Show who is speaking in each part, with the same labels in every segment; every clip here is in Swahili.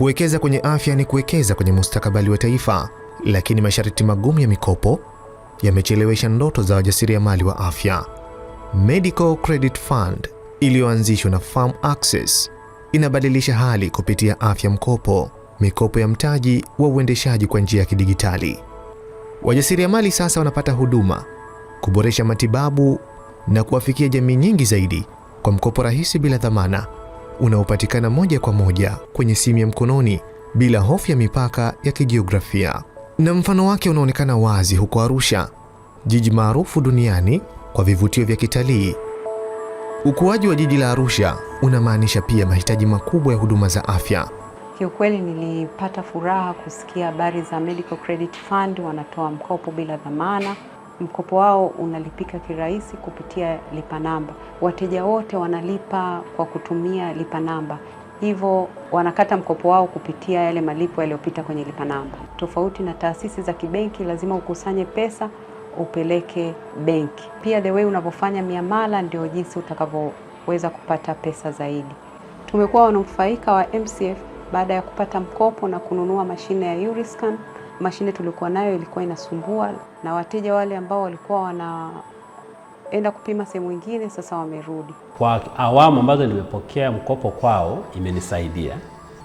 Speaker 1: Kuwekeza kwenye afya ni kuwekeza kwenye mustakabali wa taifa, lakini masharti magumu ya mikopo yamechelewesha ndoto za wajasiriamali wa afya. Medical Credit Fund iliyoanzishwa na Farm Access inabadilisha hali kupitia afya mkopo, mikopo ya mtaji wa uendeshaji kwa njia ya kidigitali. Wajasiriamali sasa wanapata huduma, kuboresha matibabu na kuwafikia jamii nyingi zaidi kwa mkopo rahisi bila dhamana unaopatikana moja kwa moja kwenye simu ya mkononi bila hofu ya mipaka ya kijiografia, na mfano wake unaonekana wazi huko Arusha, jiji maarufu duniani kwa vivutio vya kitalii. Ukuaji wa jiji la Arusha unamaanisha pia mahitaji makubwa ya huduma za afya. Kiukweli nilipata furaha kusikia habari za Medical Credit Fund wanatoa mkopo bila dhamana Mkopo wao unalipika kirahisi kupitia lipa namba. Wateja wote wanalipa kwa kutumia lipa namba, hivyo wanakata mkopo wao kupitia yale malipo yaliyopita kwenye lipa namba. Tofauti na taasisi za kibenki, lazima ukusanye pesa upeleke benki. Pia the way unavyofanya miamala ndio jinsi utakavyoweza kupata pesa zaidi. Tumekuwa wanufaika wa MCF baada ya kupata mkopo na kununua mashine ya Euriscan mashine tulikuwa nayo ilikuwa inasumbua, na wateja wale ambao walikuwa wanaenda kupima sehemu nyingine sasa wamerudi.
Speaker 2: Kwa awamu ambazo nimepokea mkopo kwao imenisaidia,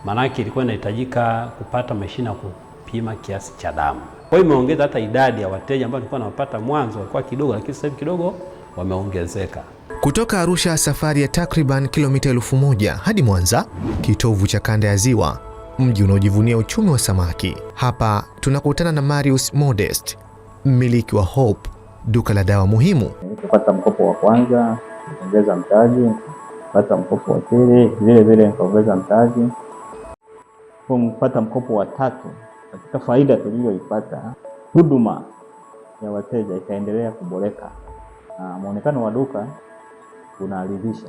Speaker 2: maanake ilikuwa inahitajika kupata mashine ya kupima kiasi cha damu. Kwa hiyo imeongeza hata idadi ya wateja ambao nilikuwa nawapata mwanzo walikuwa kidogo, lakini sasa hivi kidogo wameongezeka.
Speaker 3: Kutoka Arusha, safari ya takriban kilomita elfu moja hadi Mwanza, kitovu cha kanda ya Ziwa mji unaojivunia uchumi wa samaki. Hapa tunakutana na Marius Modest, mmiliki wa Hope, duka la dawa muhimu.
Speaker 4: Nikapata mkopo wa kwanza, nikaongeza mtaji, nikapata mkopo wa pili, vile vile nikaongeza mtaji, kupata mkopo wa tatu. Katika faida tuliyoipata, huduma ya wateja ikaendelea kuboreka na mwonekano wa duka unaridhisha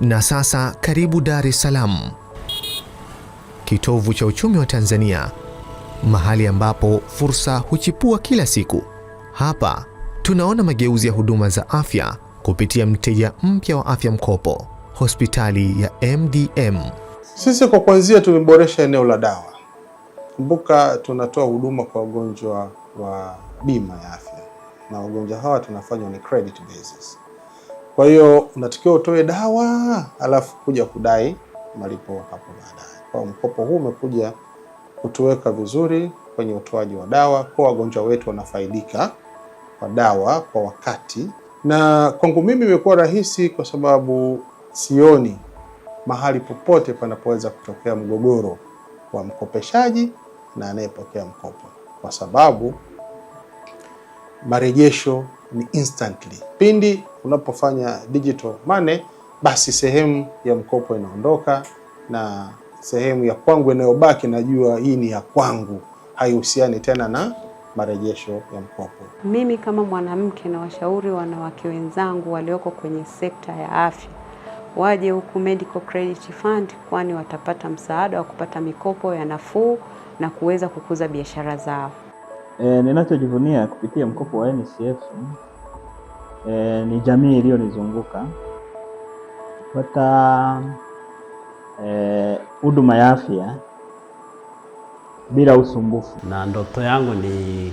Speaker 3: na sasa karibu Dar es Salaam, kitovu cha uchumi wa Tanzania, mahali ambapo fursa huchipua kila siku. Hapa tunaona mageuzi ya huduma za afya kupitia mteja mpya wa afya mkopo, hospitali ya MDM.
Speaker 5: Sisi kwa kwanzia tumeboresha eneo la dawa. Kumbuka tunatoa huduma kwa wagonjwa wa bima ya afya, na wagonjwa hawa tunafanywa ni credit basis kwa hiyo unatakiwa utoe dawa alafu kuja kudai malipo hapo baadaye. Kwa mkopo huu umekuja kutuweka vizuri kwenye utoaji wa dawa, kwa wagonjwa wetu wanafaidika kwa dawa kwa wakati, na kwangu mimi imekuwa rahisi kwa sababu sioni mahali popote panapoweza kutokea mgogoro wa mkopeshaji na anayepokea mkopo kwa sababu marejesho ni instantly. Pindi unapofanya digital money, basi sehemu ya mkopo inaondoka na sehemu ya kwangu inayobaki, najua hii ni ya kwangu, haihusiani tena na marejesho ya mkopo.
Speaker 6: Mimi kama mwanamke na washauri wanawake wenzangu walioko kwenye sekta ya afya waje huku Medical Credit Fund, kwani watapata msaada wa kupata mikopo ya nafuu na kuweza kukuza biashara zao.
Speaker 7: E, ninachojivunia kupitia mkopo wa NSSF e, eh, ni jamii iliyonizunguka pata eh, huduma e, ya afya bila usumbufu,
Speaker 2: na ndoto yangu ni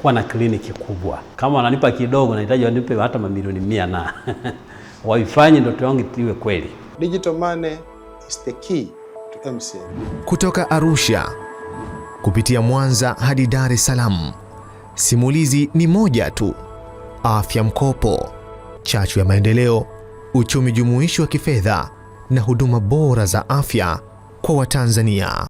Speaker 2: kuwa na kliniki kubwa. Kama wananipa kidogo, nahitaji wanipe hata mamilioni mia na waifanye ndoto yangu iwe kweli.
Speaker 8: Digital money is the key to MCM.
Speaker 3: Kutoka Arusha kupitia Mwanza hadi Dar es Salaam. Simulizi ni moja tu: afya mkopo, chachu ya maendeleo, uchumi jumuishi wa kifedha na huduma bora za afya kwa Watanzania.